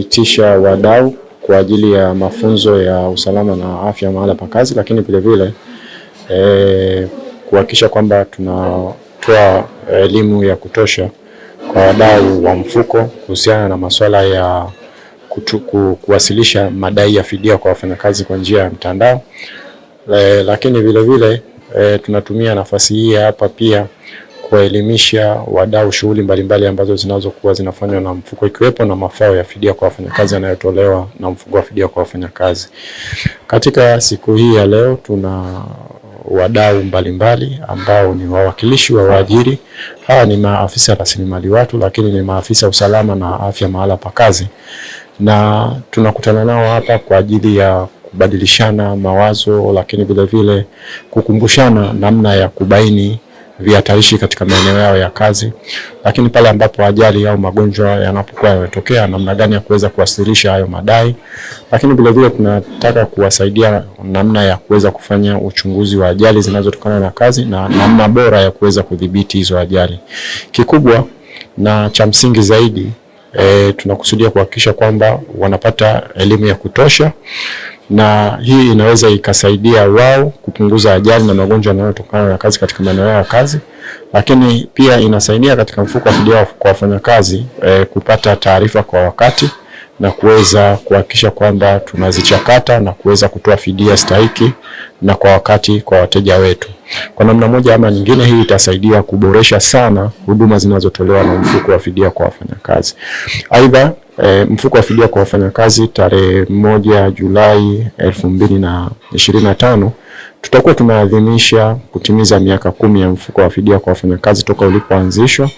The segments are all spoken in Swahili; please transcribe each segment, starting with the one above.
itisha wadau kwa ajili ya mafunzo ya usalama na afya mahala pa kazi, lakini vilevile e, eh, kuhakikisha kwamba tunatoa elimu ya kutosha kwa wadau wa mfuko kuhusiana na masuala ya kutuku, kuwasilisha madai ya fidia kwa wafanyakazi kwa njia ya mtandao e, lakini vilevile e, eh, tunatumia nafasi hii hapa pia kuwaelimisha wadau shughuli mbalimbali ambazo zinazokuwa zinafanywa na mfuko ikiwepo na mafao ya fidia kwa wafanyakazi yanayotolewa na mfuko wa fidia kwa wafanyakazi. Katika siku hii ya leo tuna wadau mbalimbali ambao ni wawakilishi wa waajiri. Hawa ni maafisa rasilimali watu, lakini ni maafisa usalama na afya mahala pa kazi, na tunakutana nao hapa kwa ajili ya kubadilishana mawazo, lakini vilevile kukumbushana namna ya kubaini vihatarishi katika maeneo yao ya kazi, lakini pale ambapo ajali au magonjwa yanapokuwa yametokea, namna gani ya kuweza kuwasilisha hayo madai, lakini vilevile tunataka kuwasaidia namna ya kuweza kufanya uchunguzi wa ajali zinazotokana na kazi na namna bora ya kuweza kudhibiti hizo ajali. Kikubwa na cha msingi zaidi, e, tunakusudia kuhakikisha kwamba wanapata elimu ya kutosha na hii inaweza ikasaidia wao kupunguza ajali na magonjwa yanayotokana na kazi katika maeneo yao ya kazi, lakini pia inasaidia katika mfuko wa fidia kwa wafanyakazi e, kupata taarifa kwa wakati na kuweza kuhakikisha kwamba tunazichakata na kuweza kutoa fidia stahiki na kwa wakati kwa wateja wetu. Kwa namna moja ama nyingine, hii itasaidia kuboresha sana huduma zinazotolewa na mfuko wa fidia kwa wafanyakazi. Aidha, E, mfuko wa fidia kwa wafanyakazi tarehe moja Julai elfu mbili na ishirini na tano tutakuwa tunaadhimisha kutimiza miaka kumi ya mfuko wa fidia kwa wafanyakazi toka ulipoanzishwa,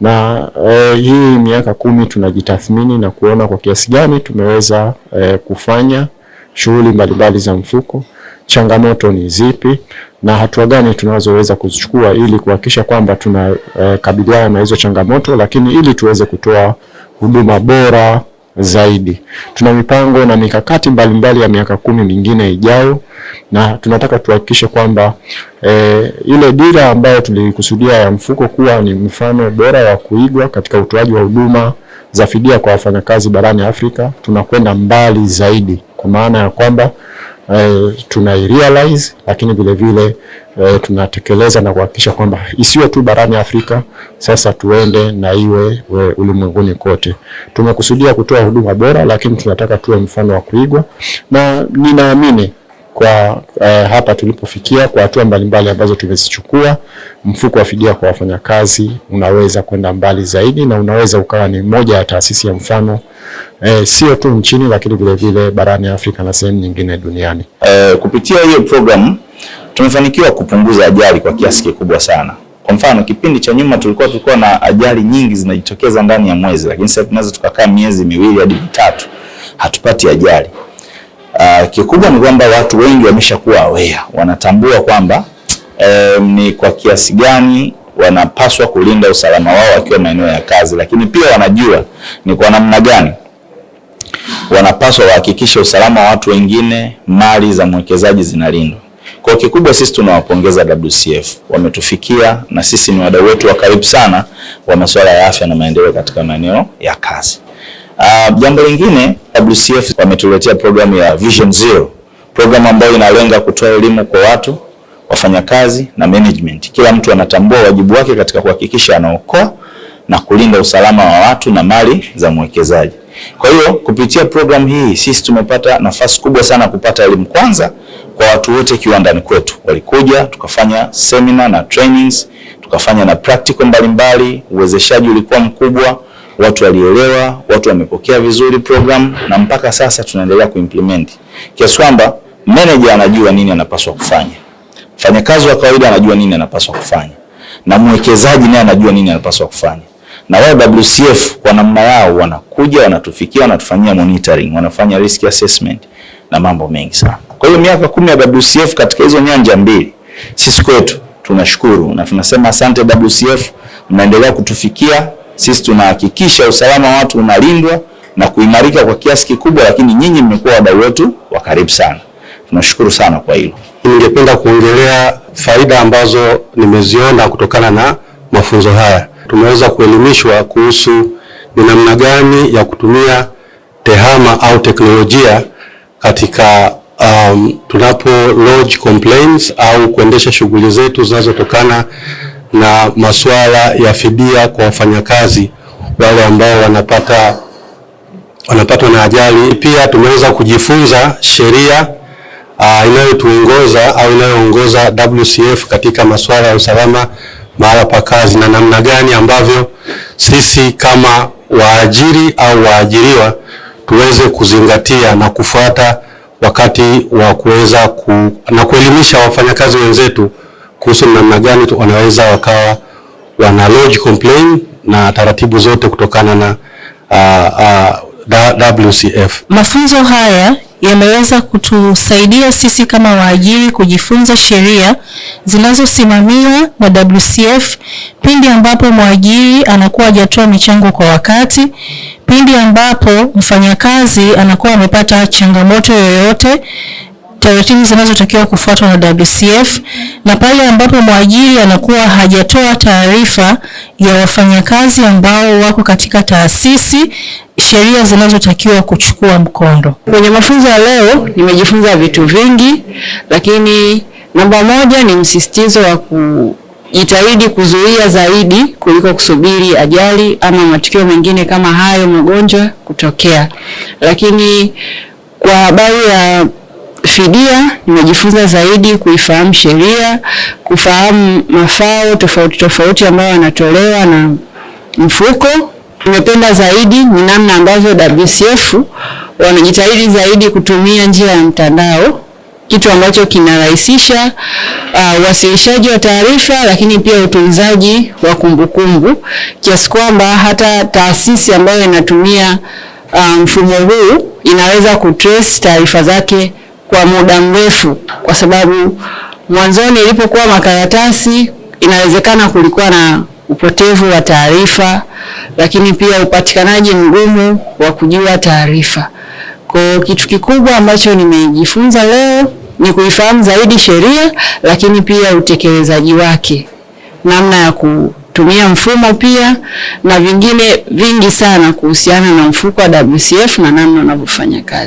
na e, hii miaka kumi tunajitathmini na kuona kwa kiasi gani tumeweza e, kufanya shughuli mbalimbali za mfuko, changamoto ni zipi na hatua gani tunazoweza kuzichukua ili kuhakikisha kwamba tunakabiliana e, na hizo changamoto, lakini ili tuweze kutoa huduma bora zaidi. Tuna mipango na mikakati mbalimbali ya miaka kumi mingine ijayo, na tunataka tuhakikishe kwamba e, ile dira ambayo tulikusudia ya mfuko kuwa ni mfano bora wa kuigwa katika utoaji wa huduma za fidia kwa wafanyakazi barani Afrika, tunakwenda mbali zaidi kwa maana ya kwamba eh, tunairealize lakini vilevile eh, tunatekeleza na kuhakikisha kwamba isiwe tu barani Afrika, sasa tuende na iwe eh, ulimwenguni kote. Tumekusudia kutoa huduma bora, lakini tunataka tuwe mfano wa kuigwa na ninaamini kwa uh, hapa tulipofikia kwa hatua mbalimbali ambazo tumezichukua. Mfuko wa fidia kwa wafanyakazi unaweza kwenda mbali zaidi na unaweza ukawa ni moja ya taasisi ya mfano eh, sio tu nchini lakini vilevile barani Afrika na sehemu nyingine duniani. Eh, kupitia hiyo program tumefanikiwa kupunguza ajali kwa kiasi kikubwa sana. Kwa mfano kipindi cha nyuma tulikuwa tulikuwa na ajali nyingi zinajitokeza ndani ya mwezi, lakini sasa tunaweza tukakaa miezi miwili hadi mitatu hatupati ajali. Uh, kikubwa ni kwamba watu wengi wameshakuwa aware, wanatambua kwamba um, ni kwa kiasi gani wanapaswa kulinda usalama wao wakiwa maeneo ya kazi, lakini pia wanajua ni kwa namna gani wanapaswa wahakikishe usalama wa watu wengine, mali za mwekezaji zinalindwa. Kwa kikubwa sisi tunawapongeza WCF, wametufikia na sisi ni wadau wetu wa karibu sana wa masuala ya afya na maendeleo katika maeneo ya kazi. Uh, jambo lingine WCF wametuletea programu ya Vision Zero, programu ambayo inalenga kutoa elimu kwa watu, wafanyakazi na management. Kila mtu anatambua wajibu wake katika kuhakikisha anaokoa na kulinda usalama wa watu na mali za mwekezaji. Kwa hiyo kupitia programu hii sisi tumepata nafasi kubwa sana kupata elimu kwanza kwa watu wote kiwandani kwetu. Walikuja tukafanya seminar na trainings, tukafanya na practical mbalimbali, uwezeshaji ulikuwa mkubwa watu walielewa, watu wamepokea vizuri program na mpaka sasa tunaendelea kuimplement kiasi kwamba manager anajua nini anapaswa kufanya, mfanyakazi wa kawaida anajua nini anapaswa kufanya, na mwekezaji naye anajua nini anapaswa kufanya, na wao WCF kwa namna yao wanakuja wanatufikia, wanatufanyia monitoring, wanafanya risk assessment na mambo mengi sana. Kwa hiyo miaka kumi ya WCF katika hizo nyanja mbili, sisi kwetu tunashukuru na tunasema asante WCF, mnaendelea kutufikia sisi tunahakikisha usalama wa watu unalindwa na kuimarika kwa kiasi kikubwa, lakini nyinyi mmekuwa wadau wetu wa karibu sana. Tunashukuru sana kwa hilo. Ningependa kuongelea faida ambazo nimeziona kutokana na mafunzo haya. Tumeweza kuelimishwa kuhusu ni namna gani ya kutumia tehama au teknolojia katika um, tunapo lodge complaints au kuendesha shughuli zetu zinazotokana na masuala ya fidia kwa wafanyakazi wale ambao wanapata wanapatwa na ajali. Pia tumeweza kujifunza sheria uh, inayotuongoza au inayoongoza WCF katika masuala ya usalama mahala pa kazi na namna gani ambavyo sisi kama waajiri au waajiriwa tuweze kuzingatia na kufuata wakati wa kuweza ku, na kuelimisha wafanyakazi wenzetu kuhusu namna gani wanaweza wakawa wana lodge complaint na taratibu zote kutokana na uh, uh, WCF. Mafunzo haya yameweza kutusaidia sisi kama waajiri kujifunza sheria zinazosimamiwa na WCF pindi ambapo mwajiri anakuwa hajatoa michango kwa wakati, pindi ambapo mfanyakazi anakuwa amepata changamoto yoyote taratibu zinazotakiwa kufuatwa na WCF, na pale ambapo mwajiri anakuwa hajatoa taarifa ya wafanyakazi ambao wako katika taasisi, sheria zinazotakiwa kuchukua mkondo. Kwenye mafunzo ya leo nimejifunza vitu vingi, lakini namba moja ni msisitizo wa ku jitahidi kuzuia zaidi kuliko kusubiri ajali ama matukio mengine kama hayo magonjwa kutokea. Lakini kwa habari ya fidia, nimejifunza zaidi kuifahamu sheria, kufahamu mafao tofauti tofauti ambayo yanatolewa na mfuko. Nimependa zaidi ni namna ambavyo WCF wanajitahidi zaidi kutumia njia ya mtandao, kitu ambacho kinarahisisha uh, uwasilishaji uh, wa taarifa, lakini pia utunzaji wa kumbukumbu, kiasi kwamba hata taasisi ambayo inatumia uh, mfumo huu inaweza kutrace taarifa zake kwa muda mrefu, kwa sababu mwanzoni ilipokuwa makaratasi, inawezekana kulikuwa na upotevu wa taarifa, lakini pia upatikanaji mgumu wa kujua taarifa. Kwa kitu kikubwa ambacho nimejifunza leo ni kuifahamu zaidi sheria, lakini pia utekelezaji wake, namna ya kutumia mfumo pia na vingine vingi sana kuhusiana na mfuko wa WCF na namna unavyofanya kazi.